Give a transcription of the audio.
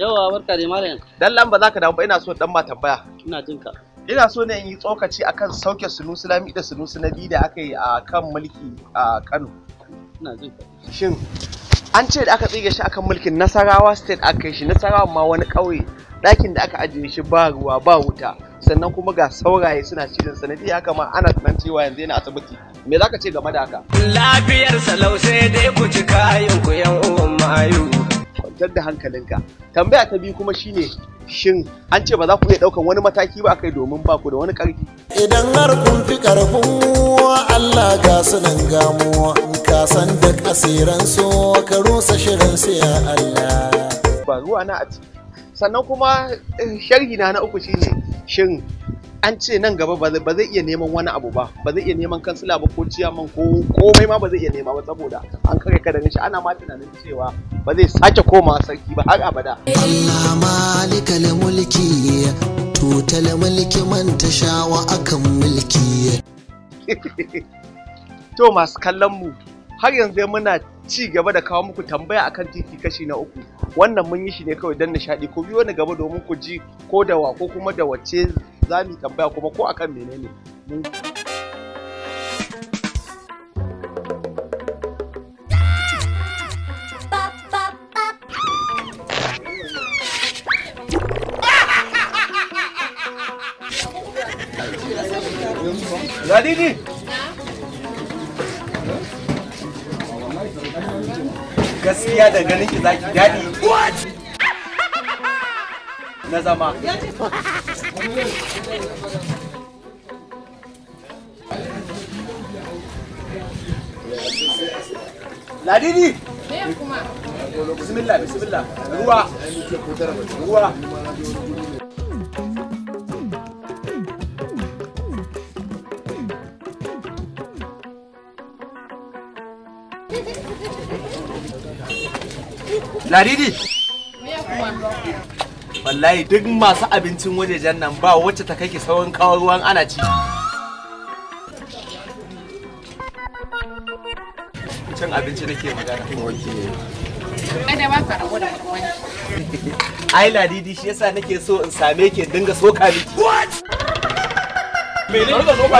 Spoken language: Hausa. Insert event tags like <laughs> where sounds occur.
Yawa barka da malam. Dan lamba za ka dawo ba ina so dan ma tambaya. Ina jin ka. Ina so ne in yi tsokaci akan sauke sunusu lami da sunusu na biyu da aka yi a kan mulki a Kano. Ina jin ka. Shin an ce da aka tsige shi akan mulkin Nasarawa state aka yi shi Nasarawa ma wani ƙauye ɗakin da aka ajiye shi ba ruwa ba wuta sannan kuma ga sauraye suna cikin sanadi haka ma ana tunan cewa yanzu yana asibiti me zaka ce game da haka lafiyar salau sai dai ku ci kayan ku yan uwan mayu kwantar da hankalinka tambaya ta biyu kuma shine shin an ce ba za ku iya daukan wani mataki ba kai domin ba ku da wani ƙarfi. idan har kun fi wa Allah ga sunan in ka san da kasiran so ka rusa shirin su ya Allah ba ruwa na a ciki sannan kuma eh, sharhi na na uku shine shin an ce nan gaba ba zai iya neman wani abu ba ba zai iya neman kansila ba ko ciyaman ko komai ma ba zai iya nema ba saboda an kare ka da shi ana ma tunanin cewa ba zai sake koma sarki ba har abada Allah malikal mulki tutal mulki man tashawa akan mulki <laughs> to masu kallon mu har yanzu muna ci gaba da kawo muku tambaya akan titi kashi na uku wannan mun yi shi ne kawai don nishaɗi ko biyo na gaba domin ku ji ko da wa ko kuma da wacce za mu tambaya kuma ko akan menene mun Gaskiya da ganin ki zaki daɗi. <laughs> Na zama. Ladidi! Bismillah, bismillah. Ruwa. Ruwa. Ladidi! wallahi duk masu abincin wajejen nan ba wacce ta kai ki sauran kawo ruwan ana ci cin abinci nake magana Kada Ai ladidi shi yasa nake so in same ki dinga soka miki.